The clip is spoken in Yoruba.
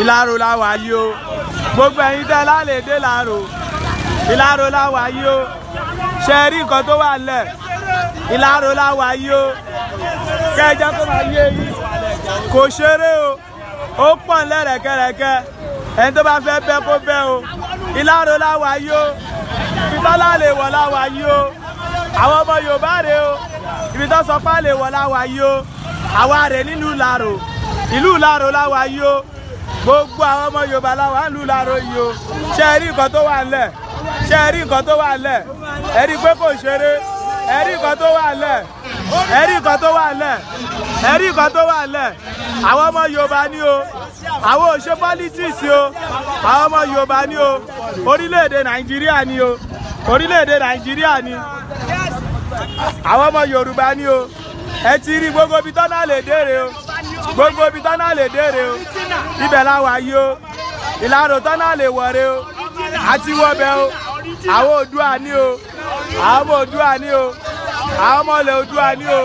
ìlàrò la wà yìí o gbogbo ẹ̀yin tẹ́ lálẹ́ dé làrò ìlàrò la wà yìí o ṣe rí nǹkan tó wà lẹ̀ ìlàrò la wà yìí o kẹjọ tó máa yé yìí kò ṣeré o ó pọ̀n lẹ́rẹ̀kẹ̀rẹ̀kẹ̀ ẹni tó bá fẹ́ bẹ́ kó bẹ́ o ìlàrò la wà yìí o ìtọ́lá lè wọ̀ la wà yìí o àwọn ọmọ Yorùbá rèé o ibi tó sọ pé a lè wọ̀ la yìí o àwa rẹ̀ nílùú Ìlárò ìlú Ìlárò láwa yìí o gbogbo àwọn ọmọ Yorùbá láwa ń lù Ìlárò yìí o ṣé ẹ rí nǹkan tó wà ńlẹ̀ ṣé ẹ rí nǹkan tó wà ńlẹ̀ ẹ rí pé kò ṣeré ẹ rí nǹkan tó wà ńlẹ̀ ẹ rí nǹkan tó wà ńlẹ̀ ẹ rí nǹkan tó wà ńlẹ̀ àwọn ọmọ Yorùbá ni o àwọn òṣè politics o àwọn ọmọ Yorùbá ni o orílẹ̀-èdè Nàìjíríà ni o orílẹ̀-èdè Nàìjíríà ni àwọn ọmọ Yorùbá ni o. ẹ ti rí gbogbo ibi tọ́nà lè dére o gbogbo ibi tọ́nà lè dére o ibẹ̀ la wà yí o ìlànà tọ́nà lè wọ̀re o àti wọbẹ̀ o àwọn Oòduà ni o àwọn ọmọ Oòduà o àwọn ọmọ ilẹ̀ Oòduà ni o.